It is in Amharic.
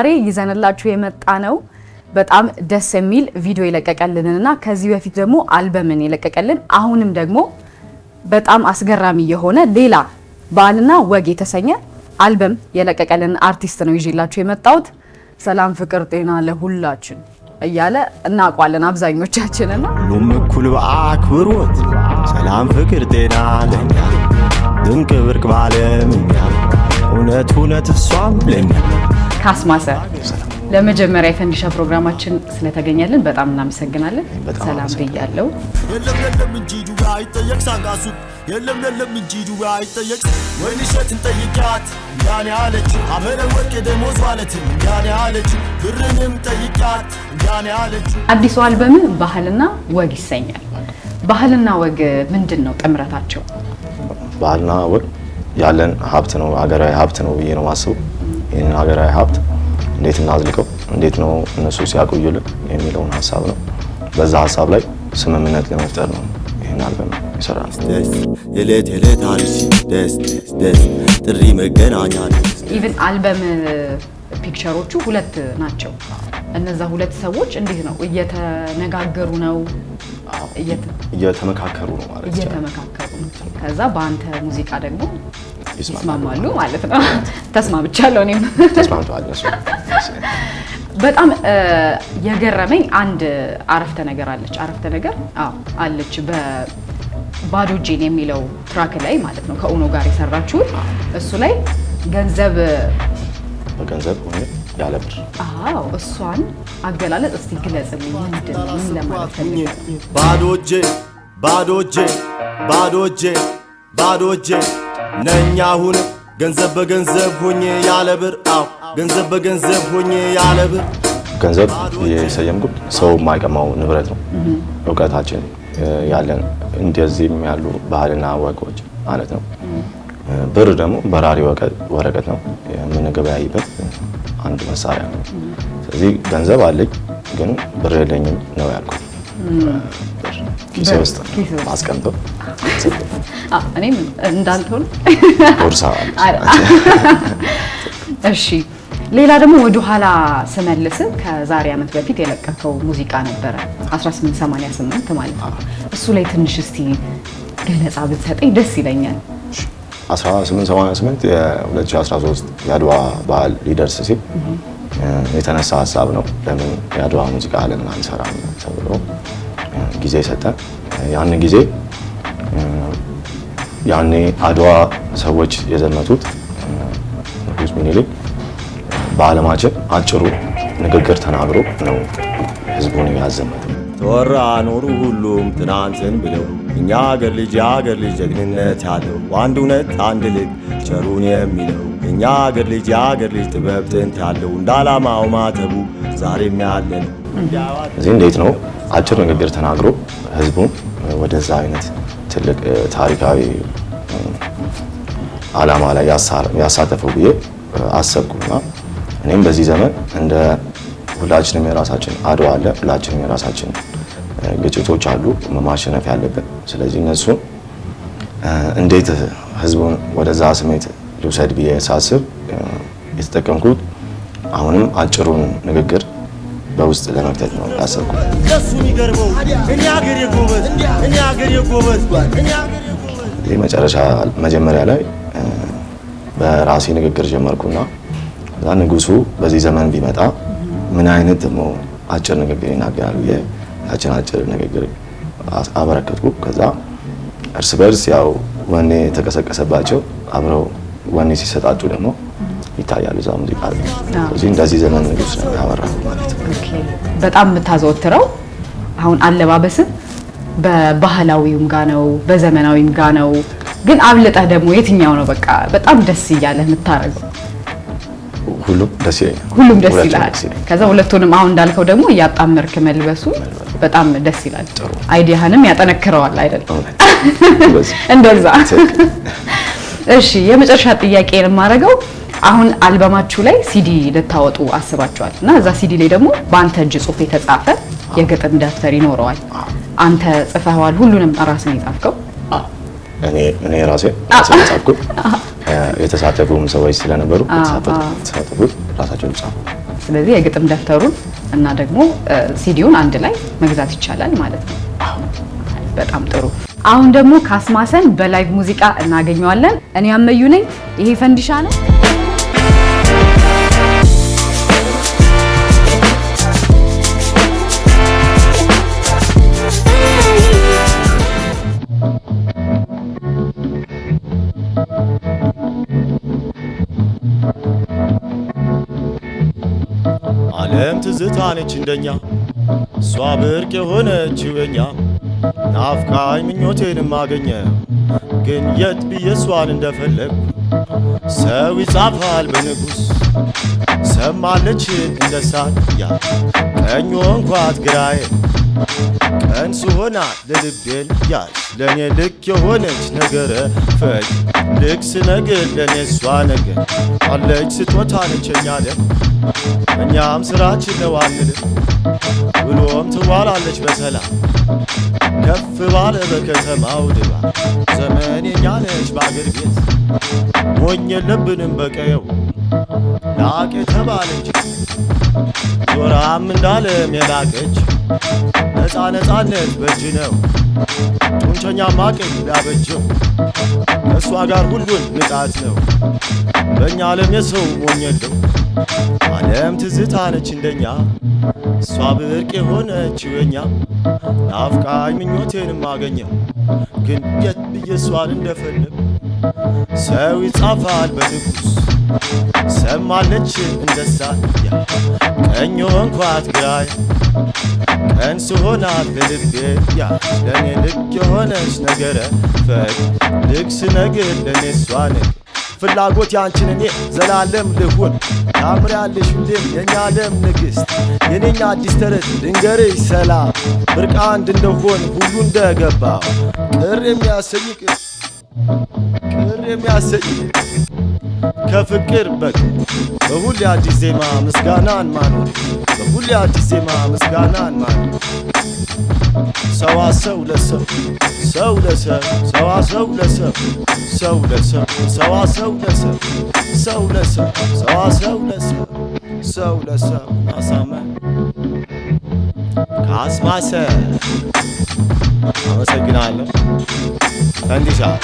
ዛሬ ይዘንላችሁ የመጣ ነው በጣም ደስ የሚል ቪዲዮ የለቀቀልንና ከዚህ በፊት ደግሞ አልበምን የለቀቀልን አሁንም ደግሞ በጣም አስገራሚ የሆነ ሌላ ባህልና ወግ የተሰኘ አልበም የለቀቀልን አርቲስት ነው ይዤላችሁ የመጣሁት። ሰላም ፍቅር ጤና ለሁላችን እያለ እናውቋለን አብዛኞቻችንና ሁሉም እኩል በአክብሮት ሰላም ፍቅር ጤና ለኛ ድንቅ ብርቅ ባለምኛ እውነት እውነት እሷም ለኛ ካስማሰ ለመጀመሪያ የፈንዲሻ ፕሮግራማችን ስለተገኛለን በጣም እናመሰግናለን። ሰላም ብያለው። የለም የለም እንጂ ዱባ አይጠየቅ የለም የለም እንጂ ዱባ አይጠየቅ አለች ወርቅ አለች ብርንም ጠይቂያት አለች። አዲሱ አልበም ባህልና ወግ ይሰኛል። ባህልና ወግ ምንድን ነው ጥምረታቸው? ባህልና ወግ ያለን ሀብት ነው፣ ሀገራዊ ሀብት ነው ብዬ ነው ማስበው ይህንን ሀገራዊ ሀብት እንዴት እናዝልቀው፣ እንዴት ነው እነሱ ሲያቆዩልን የሚለውን ሀሳብ ነው። በዛ ሀሳብ ላይ ስምምነት ለመፍጠር ነው ይህን አልበም ይሰራል። የዕለት የዕለት አርሲ ደስ ደስ ጥሪ መገናኛ አልበም ፒክቸሮቹ ሁለት ናቸው። እነዛ ሁለት ሰዎች እንዴት ነው እየተነጋገሩ ነው እየተመካከሩ ነው ማለት ነው። እየተመካከሩ ከዛ በአንተ ሙዚቃ ደግሞ ይስማማሉ ማለት ነው። ተስማምቻለሁ፣ እኔም ተስማምተዋል። በጣም የገረመኝ አንድ አረፍተ ነገር አለች። አረፍተ ነገር አለች ባዶ እጄን የሚለው ትራክ ላይ ማለት ነው። ከኡኖ ጋር የሰራችሁት እሱ ላይ ገንዘብ በገንዘብ ሆነ ያለ ብር። እሷን አገላለጽ እስቲ ግለጽልኝ። ምንድን ምን ለማለት ባዶ እጄ ባዶ እጄ ባዶ እጄ ባዶ እጄ ነኛ አሁንም ገንዘብ በገንዘብ ሆኜ ያለ ብር አው ገንዘብ በገንዘብ ሆኜ ያለ ብር ገንዘብ የሰየምኩት ሰው የማይቀማው ንብረት ነው። እውቀታችን ያለን እንደዚህም ያሉ ባህልና ወጎች ማለት ነው። ብር ደግሞ በራሪ ወረቀት ነው የምንገበያይበት አንድ መሳሪያ ነው። ስለዚህ ገንዘብ አለኝ ግን ብር የለኝም ነው ያልኩት። ኪሴ ውስጥ እኔም እንዳልሆን እሺ፣ ሌላ ደግሞ ወደኋላ ስመልስ ከዛሬ ዓመት በፊት የለቀቀው ሙዚቃ ነበረ 1888 ማለት ነው። እሱ ላይ ትንሽ እስቲ ገለጻ ብትሰጠኝ ደስ ይለኛል። 1888 የ2013 የአድዋ በዓል ሊደርስ ሲል የተነሳ ሀሳብ ነው። ለምን የአድዋ ሙዚቃ አለን አንሰራም ተብሎ ጊዜ ሰጠን። ያን ጊዜ ያኔ አድዋ ሰዎች የዘመቱት ንጉስ ሚኒሊክ በዓለማችን አጭሩ ንግግር ተናግሮ ነው ህዝቡን ያዘመቱ። ተወራ ኖሩ ሁሉም ትናንትን ብለው እኛ አገር ልጅ የአገር ልጅ ጀግንነት ያለው አንድ እውነት አንድ ልብ ቸሩን የሚለው እኛ አገር ልጅ የአገር ልጅ ጥበብ ጥንት ያለው እንደ ዓላማው ማተቡ ዛሬም ያለ ነው። እዚህ እንዴት ነው አጭር ንግግር ተናግሮ ህዝቡም ወደዛ አይነት ትልቅ ታሪካዊ አላማ ላይ ያሳተፈው ብዬ አሰብኩና እኔም በዚህ ዘመን እንደ ሁላችንም የራሳችን አድዋ አለ፣ ሁላችንም የራሳችን ግጭቶች አሉ ማሸነፍ ያለብን። ስለዚህ እነሱን እንዴት ህዝቡን ወደዛ ስሜት ልውሰድ ብዬ ሳስብ የተጠቀምኩት አሁንም አጭሩን ንግግር በውስጥ ለመፍተት ነው ያሰብኩት። ይህ መጨረሻ መጀመሪያ ላይ በራሴ ንግግር ጀመርኩና እዛ ንጉሱ በዚህ ዘመን ቢመጣ ምን አይነት ደግሞ አጭር ንግግር ይናገራሉ። ያችን አጭር ንግግር አበረከትኩ። ከዛ እርስ በርስ ያው ወኔ የተቀሰቀሰባቸው አብረው ወኔ ሲሰጣጡ ደግሞ ኢታሊያን እዛም ሙዚቃ ላይ። ስለዚህ እንደዚህ ዘመን ንጉስ ነው ያበራው ማለት ነው። ኦኬ በጣም የምታዘወትረው አሁን አለባበስን በባህላዊውም ጋ ነው በዘመናዊም ጋ ነው፣ ግን አብልጠህ ደግሞ የትኛው ነው በቃ በጣም ደስ እያለህ የምታረገው? ሁሉም ደስ ይላል። ሁሉም ደስ ይላል። ከዛ ሁለቱንም አሁን እንዳልከው ደግሞ እያጣመርክ መልበሱ በጣም ደስ ይላል። አይዲያህንም ያጠነክረዋል አይደል? እንደዛ። እሺ የመጨረሻ ጥያቄ የማደርገው አሁን አልበማችሁ ላይ ሲዲ ልታወጡ አስባችኋል እና እዛ ሲዲ ላይ ደግሞ በአንተ እጅ ጽሁፍ የተጻፈ የግጥም ደብተር ይኖረዋል። አንተ ጽፈዋል? ሁሉንም ራስ ነው የጻፍከው? እኔ ራሴ ጻፍኩ። የተሳተፉም ሰዎች ስለነበሩ የተሳተፉት ራሳቸውን ጻፉ። ስለዚህ የግጥም ደብተሩን እና ደግሞ ሲዲውን አንድ ላይ መግዛት ይቻላል ማለት ነው። በጣም ጥሩ። አሁን ደግሞ ካስማሰን በላይቭ ሙዚቃ እናገኘዋለን። እኔ አመዩ ነኝ። ይሄ ፈንዲሻ ነው። ሁሌም ነች እንደኛ እሷ ብርቅ የሆነች የኛ ናፍቃኝ ምኞቴንም አገኘ ግን የት ብዬ እሷን እንደፈለግኩ ሰው ይጻፋል በንጉሥ ሰማለች እንደ ያ ቀኝ ሆንኳት ግራዬ ቀን ስሆና ለልቤን ያች ለእኔ ልክ የሆነች ነገረ ፈጅ ልክ ስነግር ለእኔ እሷ ነገር አለች ስጦታ ነች እኛለ እኛም ስራችን ነው አንልም ብሎም ትዋላለች በሰላም ከፍ ባለ በከተማው ድባብ ዘመን የኛነች በአገር ቤት ሞኝ የለብንም በቀየው ላቅ የተባለች ዞራም እንዳለም የላቀች ነፃ ነፃነት በእጅ ነው ጡንቸኛ ማቅል ላበጀው ከእሷ ጋር ሁሉን ንጣት ነው በእኛ ዓለም የሰው ሞኘለው ዓለም ትዝታ ነች እንደኛ እሷ ብርቅ የሆነች በኛ ናፍቃኝ ምኞቴንም አገኘው ግን የት ብዬ እሷን እንደፈለግ ሰው ይጻፋል በንጉስ ሰማለች እንደሳያ ቀኝ ሆንኳት ግራይ ቀን ስሆናት ለልቤ ያ ለእኔ ልክ የሆነች ነገረ ፈቅ ልክ ስነግር ለእኔ እሷ ፍላጎት ያንችን እኔ ዘላለም ልሁን ታምር ያለሽ ሁሌም የኛ ዓለም ንግሥት የኔኛ አዲስ ተረት ድንገርሽ ሰላም ብርቅ አንድ እንደሆን ሁሉ እንደገባ ቅር የሚያሰይቅ ቅር የሚያሰኝ ከፍቅር በቅ በሁሌ አዲስ ዜማ ምስጋናን ማኖር በሁሌ አዲስ ዜማ ምስጋናን ማኖር ሰዋሰው ለሰው ሰው ለሰው ሰዋሰው ለሰው ሰው ለሰው ሰዋሰው ለሰው ሰው ለሰው ሰዋሰው ለሰው ሰው ለሰው አሳመን ካስማሰ አመሰግናለሁ። 咱地下。